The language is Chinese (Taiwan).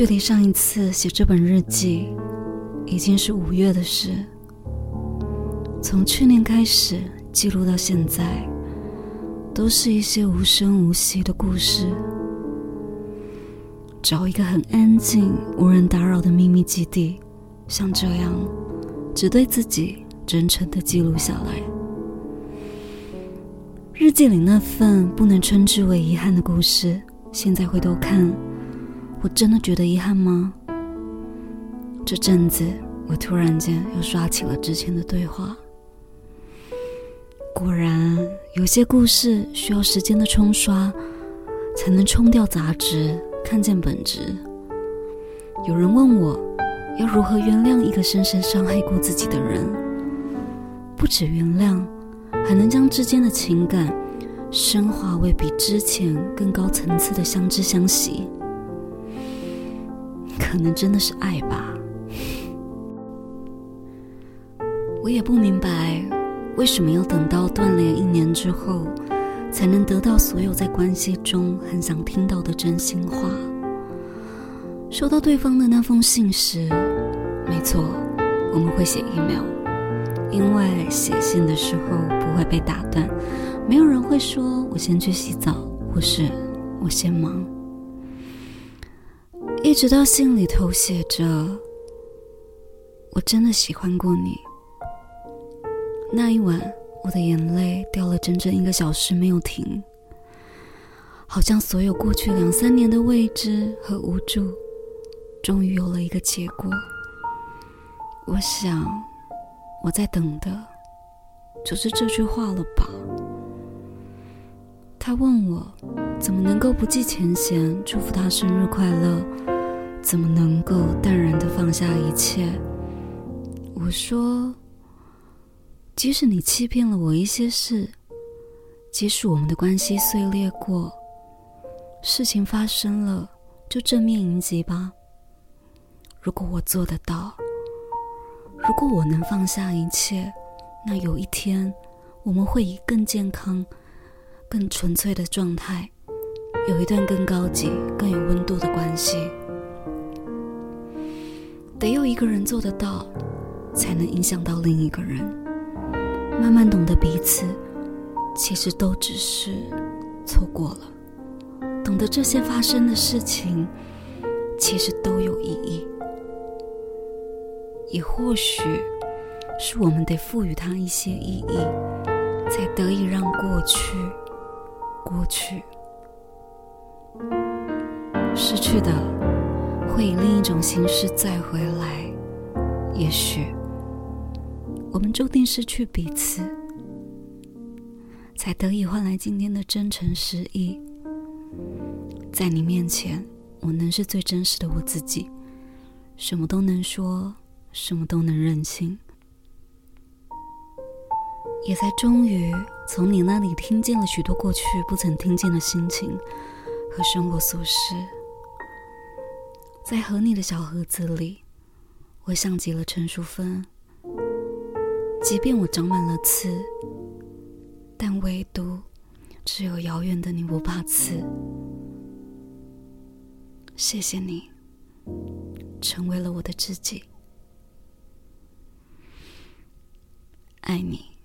距離上一次寫這本日記，已經是五月的事。從去年開始記錄到現在，都是一些無聲無息的故事。找一個很安靜、無人打擾的秘密基地，像這樣，只對自己真誠地記錄下來。日記裡那份不能稱之為遺憾的故事，現在回頭看，我真的覺得遺憾嗎？這陣子，我突然間又刷起了之前的對話。果然，有些故事需要時間的沖刷，才能沖掉雜質，看見本質。有人問我，要如何原諒一個深深傷害過自己的人？不只原諒，還能將之間的情感昇華為比之前更高層次的相知相惜。可能真的是愛吧，我也不明白，為什麼要等到斷聯一年之後，才能得到所有在關係中很想聽到的真心話。收到對方的那封信時，沒錯，我們會寫 email，因為寫信的時候不會被打斷，沒有人會說我先去洗澡，或是我先忙。一直到信裡頭寫着：“我真的喜歡過你。”那一晚，我的眼淚掉了整整一個小時沒有停。好像所有過去兩三年的未知和無助，終於有了一個結果。我想，我在等的，就是這句話了吧？他問我，怎麼能夠不計前嫌，祝福他生日快樂？怎麼能夠淡然地放下一切？我說，即使你欺騙了我一些事，即使我們的關係碎裂過，事情發生了，就正面迎擊吧。如果我做得到，如果我能放下一切，那有一天，我們會以更健康、更純粹的狀態，有一段更高級、更有溫度的關係。得有一個人做得到，才能影響到另一個人。慢慢懂得彼此，其實都只是錯過了。懂得這些發生的事情，其實都有意義。也或許是我們得賦予它一些意義，才得以讓過去過去失去的。會以另一種形式再回來。也許，我們注定失去彼此，才得以換來今天的真誠實意。在你面前，我能是最真實的我自己，什麼都能說，什麼都能任性。也才終於從你那裡聽見了許多過去不曾聽見的心情和生活瑣事。在和你的小盒子裡，我像極了陳婌芬。即便我長滿了刺，但唯獨只有遙遠的你不怕刺。謝謝你，成為了我的知己，愛你。